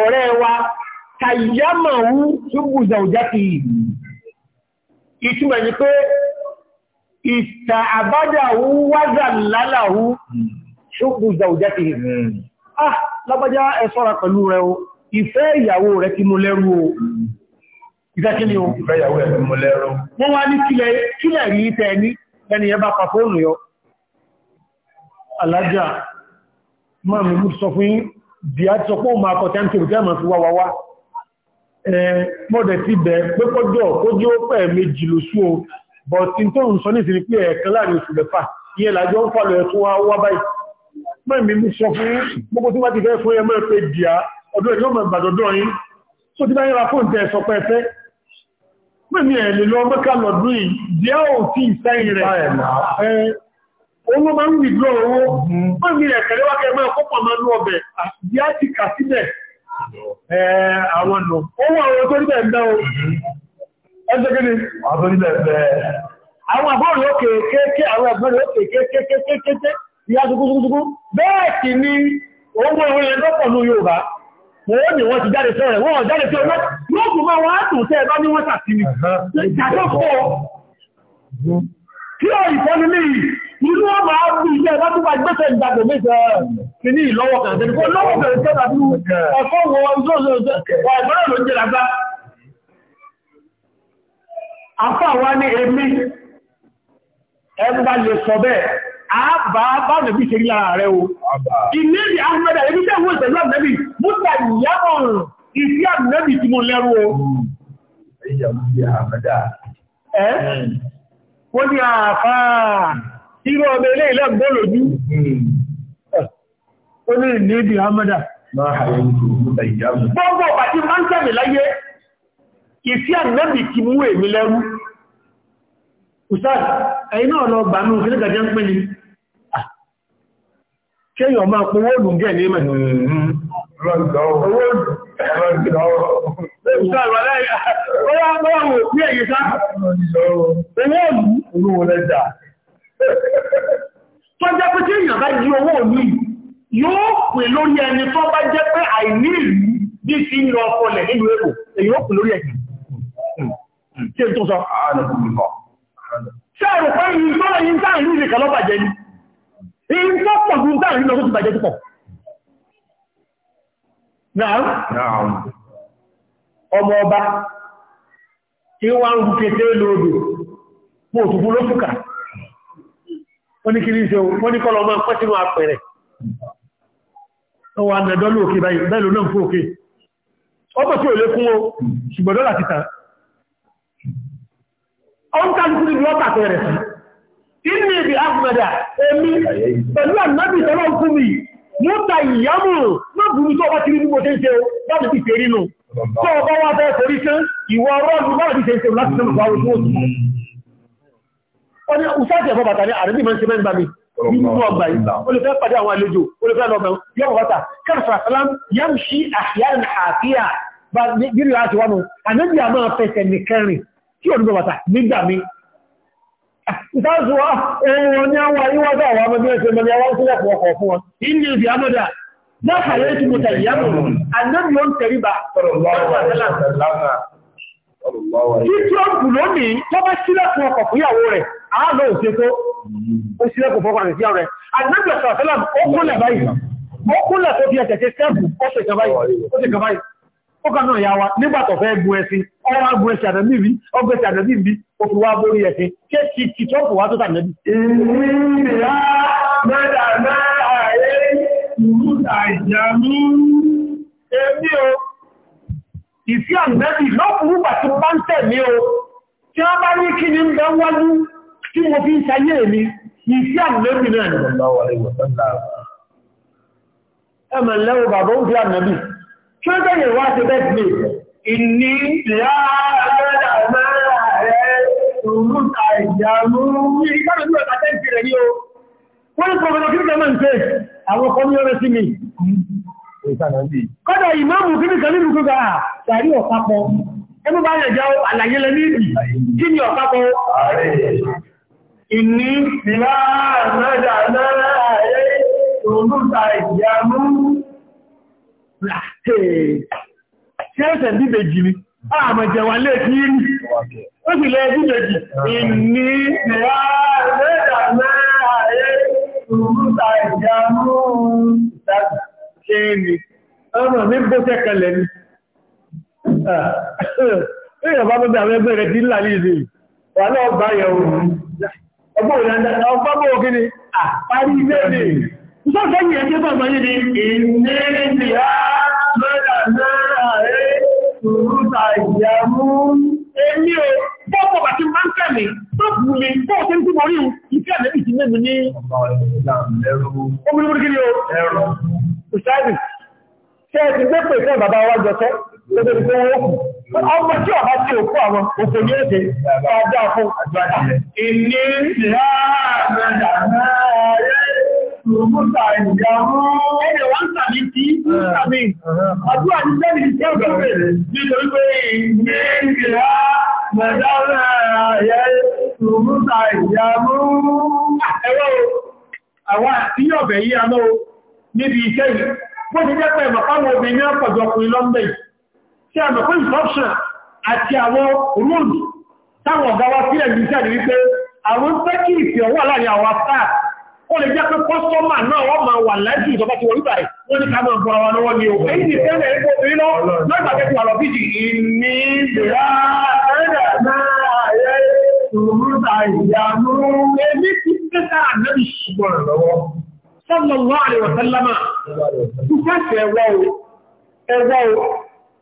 ọ̀rẹ́ wa kàyámàwú ṣúgbùzà òjáti ìtumẹ̀ ni pé ìta àbájáwú wájà lálàwú ṣúgbùzà òjáti ah lábájá ẹ ṣọ́ra pẹ̀lú rẹ o ìfẹ́ ìyàwó rẹ ti mú lẹ́rú o ìfẹ́kíní o ìfẹ́ ìyàwó rẹ ti mú lẹ́rú wọ́n wá ní kílẹ̀ rí tẹ́ sọ fún di a ti sọ o máa kọ̀tẹ́ àti ìrùtẹ́ ma fi wá wáwá mọ́dẹ̀ ti bẹ̀ pé kọjọ́ ó jí ó pẹ̀ méjì lóṣù o but in tó ń sọ ní ìsinmi pé ẹ̀ẹ̀kan láàrin oṣù mẹ́fà iye làjọ ń fàlọ̀ ẹ̀tún wá wá báyìí fún gbogbo tí wọ́n ti a ọdún ẹ̀yọ́ mọ̀ ìgbàdọ̀dọ̀ yín tó ti bá yẹra fóun tẹ̀ sọ pé ẹfẹ́ mẹ́rin ẹ̀ lè lọ mẹ́ka lọ́dún yìí di a ò tí ì sáyìn òun ló máa ń wìdúró owó mm-hmm. máa ní ẹ̀kẹ̀rẹ́ wákẹ́ máa kọ́pọ̀ máa ní ọbẹ̀ àti àti kà síbẹ̀ àwọn nù owó àwọn tó níbẹ̀ ńdá o mm-hmm. ẹgbẹ́ gíní àwọn níbẹ̀ ńdẹ́ àwọn àbọ̀rẹ̀ òkè kéèké àwọn àbọ̀rẹ̀ òkè kéèkéèkéèkéèké tukutukutuku bẹ́ẹ̀ sì ni owó yẹn lọ́pọ̀ ní Yorùbá wọ́n wọ́n ti jáde wọ́n jáde yóò á tún ẹ bá Inú ọmọ àrùn iṣẹ́ láti bá gbẹ́sẹ̀ ìgbàgbẹ̀ méjì kìíní ìlọ́wọ́ kan tẹ́lẹ̀ kó lọ́wọ́ bẹ̀rẹ̀ tẹ́ tàbí ọ̀fọ́ wọ ọjọ́ ọjọ́ ọ̀gbọ́n ló ń jẹ́ lágbá. Afọ́ àwa ní èmi, ẹgbà lè sọ bẹ́ẹ̀, àbá bá nẹ̀bí ṣe lára rẹ̀ o. Ìlérí Ahmed wọ́n ìtẹ̀lú àfáà irú ọmọ ilé ilẹ̀ gbọ́lòjú hmm. ó ní ìní ibi hamada gbogbo pàtí máa ń tẹ̀mì láyé ìfí ànábì ti mú èmi lẹ́rú ustaz ẹ̀yìn náà lọ bà ní òfin gàjẹ́ ń pín ni kéèyàn máa pín owó òdùn díẹ̀ ní ìmẹ̀ Owó ọmọ òpí ẹ̀yẹ sá, owó òdùn, olówó lẹ́jà. tó jẹ́ pé tí èèyàn bá di owó mi yóò pè lórí ẹni tó bá jẹ́ pé àìní bí fi ń lọ ọkọlẹ̀ nínú pè lórí tí tó sọ ṣẹ́rù pé tó ni èyí tó pọ̀ ju lọ tó ti bàjẹ́ púpọ̀ ọmọ ọba tí wọ́n ń kété lóòdù wọ́n ní kí ní ṣe wọ́n ní kọ́lọ̀ máa pẹ́ sínú àpẹẹrẹ ọwọ́ àmẹ́dọ́lù òkè báyìí bẹ́ẹ̀lú náà fún òkè ọkọ̀ tí ò lé fún o ṣùgbọ́n dọ́là ti tàn ọ́n kálukú ní lọ́pàá pẹ̀rẹ̀ sí inú ibi ahmeda èmi pẹ̀lú ànábì tọ́lọ́ fún mi mú ta ìyámù má burú tó ọba kiri ní mo ṣe ń ṣe o bá mi ti fèrí nù tó ọba wá fẹ́ forí sán ìwọ ọrọ́ ọdún bá mi ti ṣe ọdún ìsáàtì ẹ̀fọ́ bàtà ní àrẹ́bí mẹ́rin mẹ́rin gbàmí oh, nínú ọgbà yìí olùfẹ́ pàdé àwọn àlejò olùfẹ́ lọ́gbà yọ́pọ̀ bàtà kẹrìsà sàlám yam sí àfíàrin àfíà bá nílùú láti wánu ànábì àmọ́ fẹsẹ̀ nìkẹrin tí ò nígbà bàtà nígbà mi ìsáàtùwà ah, ohun ní àwọn àyíwájú àwọn ọmọdé ẹ̀sẹ̀ mẹ́rin àwọn sílẹ̀ fún ọkọ̀ fún wọn ìní ìdí àmọ́dà láàárín tí mo tẹ̀yàmù ànábì ó ń tẹ̀ríba Tí tí ó gùn lónìí, tó bá sílẹ̀kùn ọkọ̀ fún ìyàwó rẹ̀, àálọ́ òṣè tó, ó sílẹ̀kùn fọ́kàn rẹ̀ sí ọ̀rẹ́. Àdínàbẹ̀ sọ̀rọ̀sọ́lá ó kúnlẹ̀ báyìí, ó kúnlẹ̀ tó fi ẹ̀tẹ̀kẹ́ sẹ́ẹ̀kù, ó ṣe kan báyìí, ó ṣe kan báyìí. Ó kan náà yá wa nígbà tó fẹ́ gun ẹṣin, ọwọ́ agun ẹṣin àdàbí bí, ọgbẹ́ ti àdàbí bí, ó fi wá borí ẹṣin, ṣé ti ti tó kò wá tó tàbí. Ìrìnlá mẹ́ta náà ayé ìrúta ìjàmú, èmi o, ìfí àmẹ́bì lọ́pùrúgbà tí bá ń tẹ̀mí o tí wọ́n bá ní kí ní ń bẹ wájú tí mo fi ń sayé mi ìfí àmẹ́bì náà ni ẹmọ̀ lẹ́wọ̀ bàbá ó fi àmẹ́bì tí ó tẹ́yẹ̀ wá ti bẹ́ẹ̀dì ìní Kọ́dà ìmáàmù kí ní kan nínú kúgbà àà gàrí ọ̀pápọ̀ ẹnu bá yẹ̀ jẹ́ àlàyé lẹ ní ìdí kí ni ọ̀pápọ̀ ìní ìlà àmẹ́jà náà ayé òǹdúta ìyàmú ṣe ẹ̀sẹ̀ bíbejì ni àmẹ́jẹ̀ wà lè kí ní ó sì lẹ́ bíbejì ìní ìlà àmẹ́jà náà ayé òǹdúta ìyàmú ìtàkì ṣe ni ọmọ mi bó tẹ́kẹ̀lẹ̀ ni èèyàn bá gbogbo àwọn ẹgbẹ́ rẹ̀ ti ń là ní ìsìn wà náà bá yẹ ohun ọgbọ́n ìrìnàjò ọgbọ́n bó kí ni àparí ilé ni ìṣọ́fẹ́ yìí ẹjẹ́ bá gbọ́ yìí ni ìní ni á lọ́yà náà rẹ̀ tòrúta ìyàmú èmi ò bọ́pọ̀ bàtí máa ń fẹ́ mi tó lọ́dọ̀ ìgbẹ́ owó kù. Ọmọ tí ọba tí òkú àwọn òkú ní èdè ọjọ́ àfún ìní ìhàmẹ́dà náà yẹ́ ìrùmúta ìyàmú. Ẹni wọ́n tàbí tí tàbí àdúrà ní sẹ́ni tí ó bẹ̀rẹ̀ nítorí pé ìní ìhàmẹ́dà náà yẹ́ ìrùmúta ìyàmú. Ẹ̀rọ àwọn àtíyọ̀bẹ̀ yí aná níbi iṣẹ́ yìí. Bó ti jẹ́ pẹ̀lú ọmọ obìnrin ọ̀pọ̀jọpọ̀ ìlọ́mbẹ̀ yìí tí a mẹ́kọ́ ìfọ́ṣàn àti àwọn rúùlù táwọn ọ̀gá wa sílẹ̀ ní iṣẹ́ wípé àwọn fẹ́ ìfẹ́ wà láàrin àwọn afá ó lè jẹ́ pé kọ́sọ́mà náà wọ́n máa wà láìsí ìjọba ti wọlúbà rẹ̀ wọ́n ní ká máa bọ́ wa ni o èyí ni ẹgbẹ́ obìnrin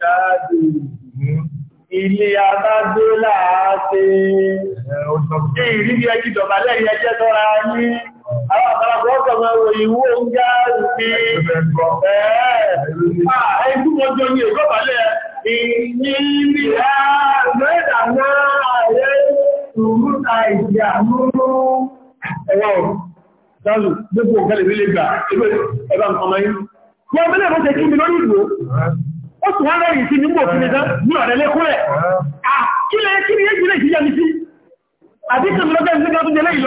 ìjáde ilé adágbé láàáṣe ṣe ìrírí ẹjí ìjọba lẹ́yìn ẹjẹ́ tọ́ra ní àwọn àpapọ̀ ọ̀tọ̀mọ̀ ẹwọ ìwó oúnjẹ òfin ẹ̀ẹ́ ẹgbùn mọ́jọ ní ìgọ́bàlẹ̀ ìní mẹ́ta náà rẹ̀ tùrúta ìjà múrú ẹ̀wọ̀n dáàlù gbogbo ọ̀gẹ́lẹ̀ tún wọ́n rẹ̀yìn sí nígbò fún ìdán ní ọ̀rẹ́ lékún kí lẹ́ kí ni èjì lè ṣe yẹmi sí àdíkà lọ́gbẹ́ ìṣẹ́ tó jẹ́ lẹ́yìn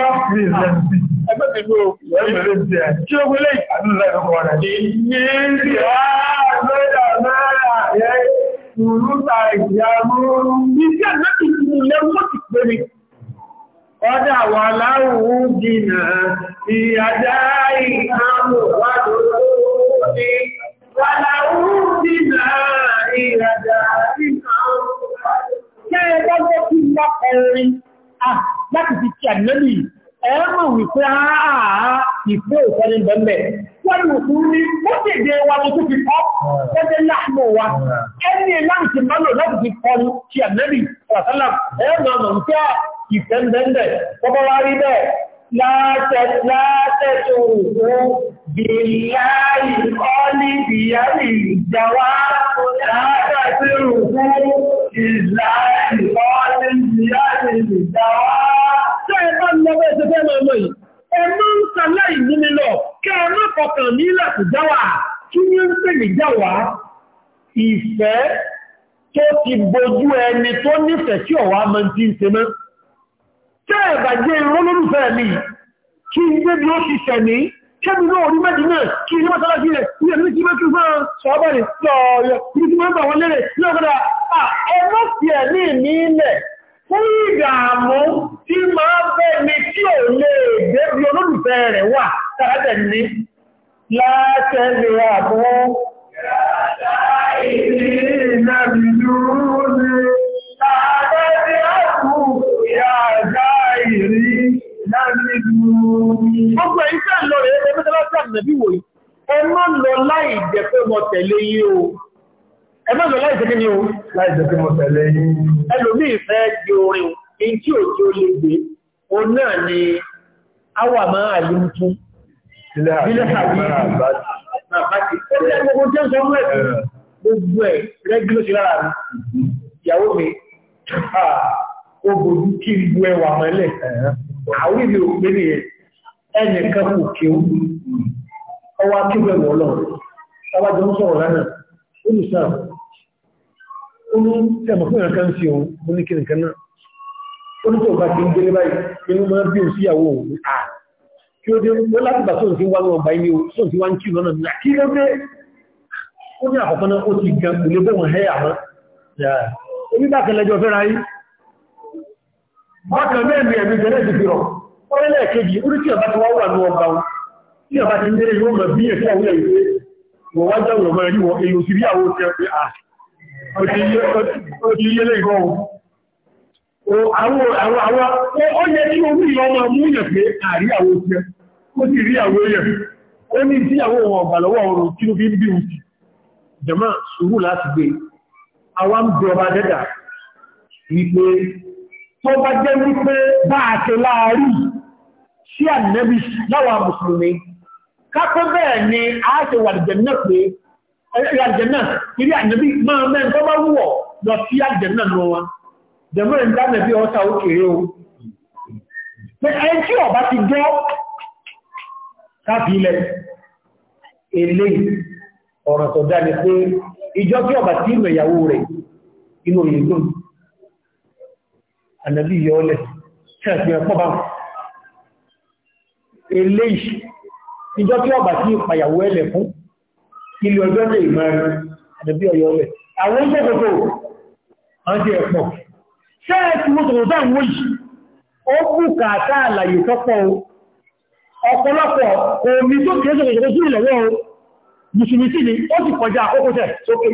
lọ ẹgbẹ́ ọdá wà láwùú jìnà ìyàjá ìkàmù wà lórí Kẹ́ẹ̀dọ́gbọ́ tí wá ẹ̀rin láti fi kí ànẹ́lì ẹ̀mọ̀ wípé àà ìfẹ́ òfẹ́rin bẹ̀mẹ̀. Wọ́n ni òkú ní mọ́sèdè wa ní tó fi kọ́ ẹgbẹ́ láàmù wa. Ẹni láti ti mọ́lò láti fi kọ́ ní kí ànẹ́lì ọ̀sánlá ẹ̀mọ̀ látẹ̀tẹ̀tù bìláì ọ́lìbìyàrí ìjẹwà látẹ̀tẹ̀tù ìláì ọ́lìbìyàrí ìjẹwà. Ṣé ẹ̀kọ́ ni ọgbẹ́ ṣe fẹ́ mọ́ ọmọ yìí? Ẹmú ń sàlẹ̀ ìlú mi lọ, kẹ́ ẹ má kọkàn ní láti jáwà, kí ní ń pè ní jáwà? Ìfẹ́ tó ti bojú ẹni tó nífẹ̀ẹ́ tí ọ̀wá máa ti ń ṣe náà tẹ́ ẹ̀bàjẹ́ irọ́ lórúfẹ́ mi kí n gbé bí ó ti sẹ̀mí kẹ́bí náà orí mẹ́jì náà kí ilé mọ́sálásí rẹ̀ ní ẹ̀mí kí mẹ́kí fún ṣọ́bẹ̀rẹ̀ lọ́ọ̀yọ̀ kí kí mẹ́bà wọn lérè ní ọ̀gọ́dà ẹmọ́ sí ẹ̀mí ní ilẹ̀ fún ìdààmú tí máa bẹ́ mi tí ò lè gbé bí olólùfẹ́ rẹ̀ wà tàbí ní látẹ̀lẹ̀ mo tẹ̀lé yí o ẹgbẹ́gbẹ̀ láìsẹ̀ kí ni o láìsẹ̀ kí mo tẹ̀lé yí ẹlòmí ìfẹ́ di orin in tí ò tí ó lè gbé o náà ni awà máa àlúntún ilẹ̀ àbí Ogbòdú kí ìgbò ẹwà mẹ́lẹ̀, àwọn ìlú òpé nìyẹn, ẹnìkan kò kí ó, ọwá kí bẹ̀rẹ̀ ọlọ́run tàbájọ ń sọ̀rọ̀ lánàá ó ní sáà ó ní ẹ̀mọ̀ fún ìrànkan sí òun ó ní kí nìkan náà ó ní tó bá ti ń délé báyìí inú máa bí òun síyàwó òun à kí ó dé ó láti bà sóhun tí wá ń ọgbà ilé o sóhun tí wá ń kí lọ́nà ní kí ló dé ó ní àkọ́kọ́ náà ó ti orí tí ọba ti wá wà ní ọgbà wọn tí ọba ti ń délé yóò mọ̀ bí ẹ̀fẹ́ àwọn ẹ̀yẹ́ wọ́n wá jẹ́ ọ̀rọ̀ ẹ̀rí wọ́n èyí òsìrí àwọ́ tẹ́ pé à ọdí ilé lè gọ́ ó yẹ kí orí ọmọ múyẹ̀ pé àrí ah, àwọ́ tẹ́ ó sì rí àwọ́ yẹ̀ ó ní tí àwọ́ wọn ọ̀gbà lọ́wọ́ ọrùn kí ló fi ń bí òsì jẹ̀mọ́ sùúrù láti gbé àwa ń bẹ ọba dẹ́dà wípé tó bá jẹ́ wípé bá a ṣe láàárí sí ànẹ́bí láwa mùsùlùmí kápẹ́ bẹ́ẹ̀ ni a ṣe wà lìjẹ̀nà pé ìrìnàjẹ̀nà ilé àjẹ́bí máa mẹ́rin tó bá wúwọ̀ lọ sí àjẹ́nà lọ wọn jẹ́mọ́rin dámẹ́ bí ọ́ta òkèrè o pé ẹn tí ọba ti gọ́ káfílẹ̀ èlé ọ̀rọ̀ tó dá ní pé ìjọ tí ọba tí ìmọ̀ ìyàwó rẹ̀ inú òyìnbó ànàbí ìyọ́lẹ̀ tí àti ẹ̀pọ̀ bá eléyìí níjọ́ tí ọba tí ìpàyàwó ẹlẹ̀ fún ilé ọjọ́ lè mẹ́rin àdàbí ọ̀yọ́ rẹ̀ àwọn ìṣẹ́gbẹ̀tọ̀ àwọn ti ẹ̀pọ̀ ṣẹ́ẹ̀tì mọ́tòrò tán wòyí ó kú kàtà àlàyé tọ́pọ̀ ọ̀pọ̀lọpọ̀ omi tó kéré sọ̀rọ̀ ìṣẹ́gbẹ̀ sí ìlẹ̀wọ́ mùsùlùmí sí ni ó ti kọjá àkókò tẹ̀ sókè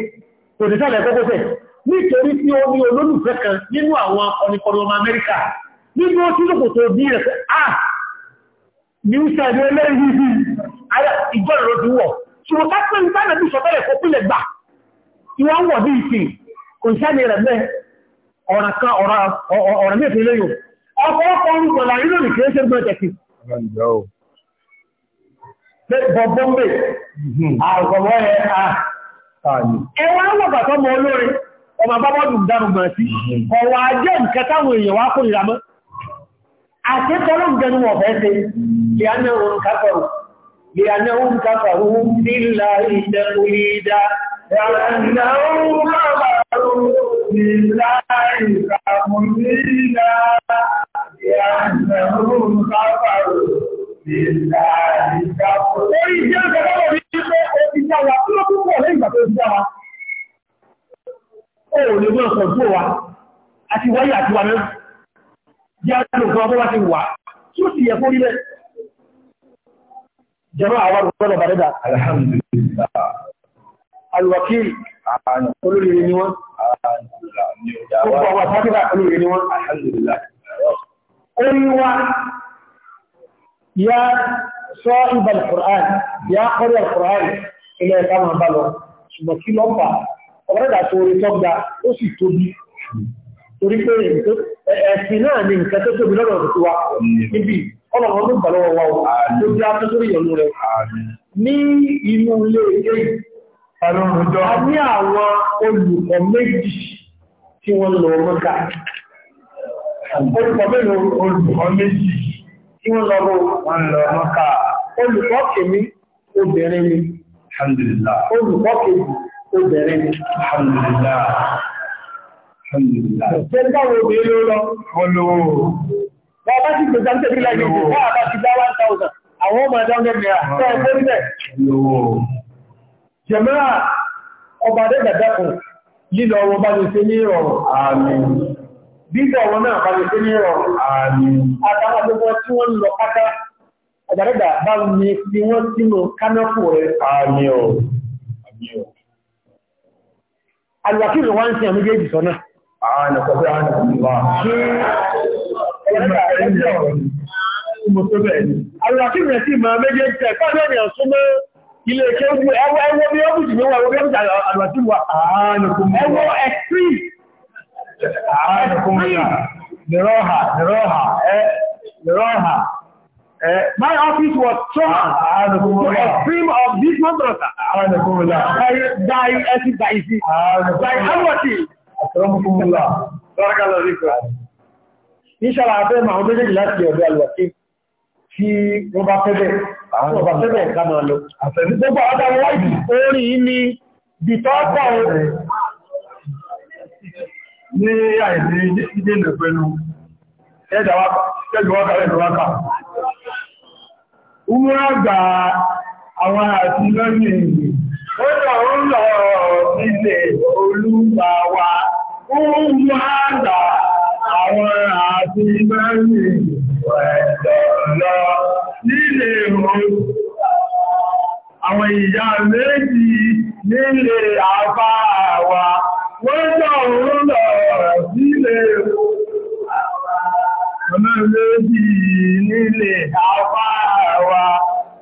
kò ní sálẹ̀ àkókò tẹ̀ nítorí tí ó ní olólùfẹ́ kan nínú àwọn ọ̀nìkọ̀rọ̀ ọmọ Amẹ́ríkà nínú ó tí lòkòtò bí rẹ̀ ah ni ó sàdé ẹlẹ́rìí ìjọ́rẹ̀ ló ti wọ̀ ṣùgbọ́n ká pé nípa nàbí sọtẹ́lẹ̀ kó pínlẹ̀ gbà tí wọ́n wọ̀ bí ìsìn kò sẹ́ni rẹ̀ bẹ́ẹ̀ ọ̀ràn kan ọ̀ràn mí ìpínlẹ̀ yòó ọ̀pọ̀lọpọ̀ ń gbọ̀là nínú nìkan ṣe gbọ́n tẹ̀sí. bọ̀bọ̀mbé àgbọ̀wọ́ ẹ̀ à ẹwà ń wọ̀gbà tó mọ olórin ọmọ abábọ́dù dárùgbọ̀n لأنهم كفروا بالله تقليدا لأنهم كفروا بالله تقليدا لأنهم كفروا بالله تقليدا Oòrùn lè àti wáyé àti wa náà, jẹ́ àjò fún ọmọ wá ti wà, tí ó sì yẹ fórí bẹ́ẹ̀ jama'a wa rukuna bare da alhamdulillah alwakil olóríire ni wọ́n gbogbo àwọn sáfíkà olóríire ni wọ́n alhamdulillah orí wa ya sọ ibà alkur'an ya kọrí alkur'an ilẹ̀ ẹ̀ka máa bá lọ ṣùgbọ́n kí lọ fà ọ̀rẹ́ dà tó orí tọ́gbà ó sì tóbi torí pé ẹ̀sìn náà ni nǹkan tó tóbi lọ́dọ̀ tó wa níbi ọlọ́run ló gbà lọ́wọ́ wa ló jẹ́ akẹ́sórí ìyọ̀nù rẹ̀ ní inú ilé ilé ìrọ̀rùjọ́ a ní àwọn olùkọ́ méjì tí wọ́n lọ mọ́ká olùkọ́ mẹ́lò olùkọ́ méjì tí wọ́n lọ mọ́ká olùkọ́ kèmí obìnrin mi alhamdulillah olùkọ́ kèmí obìnrin mi alhamdulillah alhamdulillah bá bá ti gbèsè àti ìrìnlẹ̀ yìí wọ́n àbá ti dá 1000 àwọn ọmọ ẹ̀dá ọ̀gẹ́ mìíràn tẹ́ ẹgbẹ́ nílẹ̀ jẹ̀mẹ́rà ọba adẹ́gbẹ̀dẹ́kùn lílọ wọn bá lè ṣe ní ìrọ̀rùn àmín bíbọ̀ wọn náà bá lè ṣe ní ìrọ̀rùn àmín àtàwọn gbogbo tí wọ́n lọ pátá àjàrẹ́gbà bá mi fi wọ́n sínú kánáfù rẹ̀ àmín ọ̀ alùwàkìlù wá ń sin àmì Ilé ẹ̀kẹ́ ojú ẹwọ́ ẹwọ́ bí ọ́bù jù níwọ̀ ẹwọ́ bí ọ́bù jù àdùwàtí wà ẹwọ́ ẹ̀kí ààrẹ̀kùn rí nìrọ́hà nìrọ́hà ẹ́ nìrọ́hà My office was torn to extreme of this monster. By I see. I see. I see. I Bárakàlọ̀ rí kìí níṣàlá afẹ́ ma àwọn méjèèjì láti ọ̀dọ̀ alùwàkí tí wọ́n bá fẹ́ bẹ̀ wọ́n bá fẹ́ bẹ̀ ká máa lọ gbogbo àwọn àwọn wáìdì orin ní bìtọ́ọ̀pọ̀ ní àìsí ìdí ìlú pẹ̀lú ẹjọ́wọ́kà ẹjọ́wọ́kà umura gba àwọn àti lọ́yìn èyí ó lọ ó lọ ilẹ̀ olúwa wa àwọn àti mẹ́rin ẹ̀tọ́ lọ nílé òun. Àwọn ìyá méjì nílé àbá àwa, wọ́n jọ òun lọ sílé Ọmọ méjì nílé àbá àwa,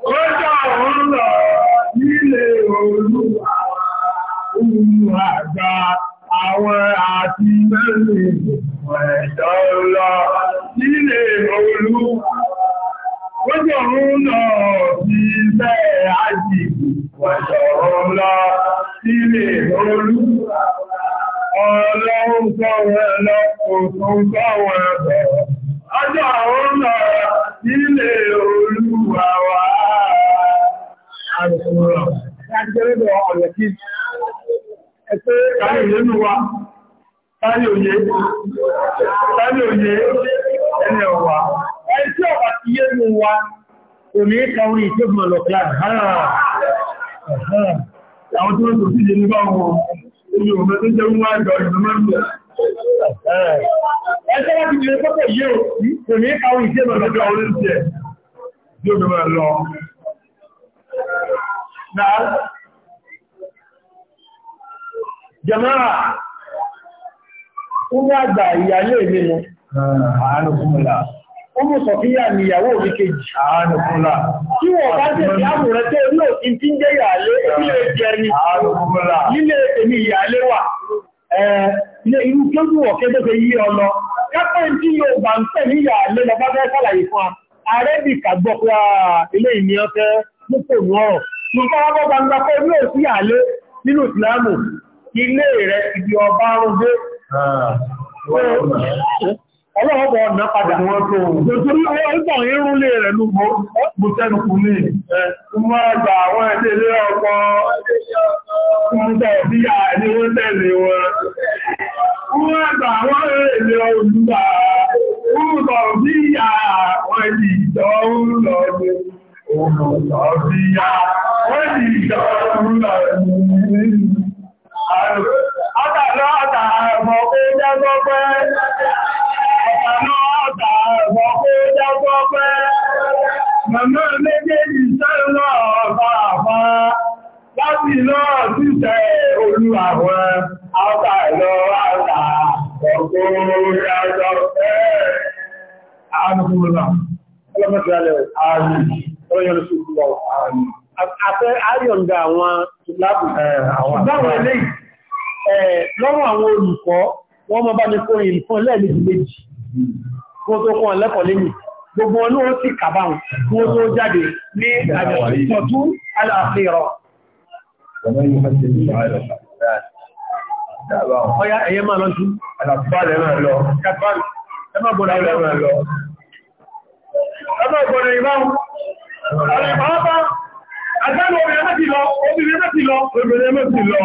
wọ́n jọ òun lọ nílé olú àwọn àti mẹ́rin Ẹ̀dọ́lọ nílé olú, lójú ọ̀run náà ti bẹ́ àjìkù, ẹ̀dọ́lọ nílé olú. Ọlọ́run sọ́wọ́ lọ́kùnkùn sọ́wọ́ ẹ̀bẹ̀. Ọjọ́ ọ̀run náà nílé olúwa wá. Àrùsùn rọ̀. Ẹgbẹ́ Táyé òye, táyé òye, ẹni ọ̀wà. Ẹni tí ọ̀wà ti yé mú wa, kò ní ká orí ìtẹ́gbọ̀n lọ kíláàrì. Àwọn tí wọ́n tó sí ìdílé bá wọn, omi òun tó jẹ́ wọ́n àjọ ìlú mẹ́rin. Ẹjọ́ láti lè pọ́pọ̀ yé o, kò ní ká orí ìtẹ́gbọ̀n lọ kíláàrì oríṣẹ́ bí omi mẹ́rin lọ. Náà, jẹ̀mọ́ra, Omi àgbà ìyálé mi nu. Àánú fúnmùlà. Omi sọ̀fíyà ni ìyàwó mi kejì. Àánú fúnmùlà. Tí wọ́n bá jẹ́ ìyàwó rẹ̀ tó orí òfin tí ń jẹ́ ìyàlé, ilé jẹ ni. Àánú fúnmùlà. Nílé èmi ìyàlé wà. Ilé irú tó dùn wọ̀ kéde fẹ́ yí ọ lọ. Kápẹ́ntì yóò bá ń tẹ̀ ní ìyàlé lọ bá fẹ́ sàlàyé fún wa. Ààrẹ bì kàgbọ́ pé ilé ìníyàn fẹ́ mú pò ní ọ̀rọ̀. Mo Ọlọ́ọ̀pọ̀ ọ̀nà padà wọ́n tó nítorí ọ̀pọ̀ irúlé rẹ̀ lúgbó bùtẹ́nukú ní ọmọ àgbà àwọn ẹ̀dẹ́ ilé ọkọ̀ ọmọdé bí i àìní wọ́n tẹ̀lé wọn. Ọmọ àgbà àwọn èlé olúgbà orúkọ̀ bí i àwọn ẹ̀dì ìjọ orúlọ́gbẹ̀ orúkọ̀ bí i àwọn ẹ̀dì ìjọ orúlọ́gbẹ̀ Ọ̀tà náà ọ̀tà àrùn kó jẹ́gbọ́ pẹ́. Ọ̀tà náà ọ̀tà àrùn kó jẹ́gbọ́ pẹ́. Màmá méjèèjì sẹ́rùn náà ọ̀fà àfá. Láti náà síṣẹ́ olú àwọn ọ̀tà náà ọ̀tà ọ̀kó jẹ́gbọ́ pẹ́. Àánú kúrò náà. Ọlọ́mọdé alẹ́ àánú. Ọlọ́yọ́rọ̀ sí ìlú àwọn àánú. Àfẹ́ ayọ̀ǹda àwọn ìlàbù. Àwọn ilé yìí lọ́rùn àwọn olùkọ́ wọ́n mọ́ bá ní kó rìn nǹkan lẹ́ẹ̀mejì méjì kó tó kọ́ lẹ́kọ̀ọ́ lẹ́yìn gbogbo wọn ló sì kàbáhùn kó tó jáde ní àjọ̀tún aláàfihàn ọ̀yá ẹ̀yẹ máa lọ́jú àtàbálẹ̀ máa lọ ẹmọ́ gbọ́dọ̀ ìbáhùn ẹmọ́ gbọ́dọ̀ ìbáhùn àrẹ̀ pàápàá àjálù obìnrin mẹ́tì lọ obìnrin mẹ́tì lọ obìnrin mẹ́tì lọ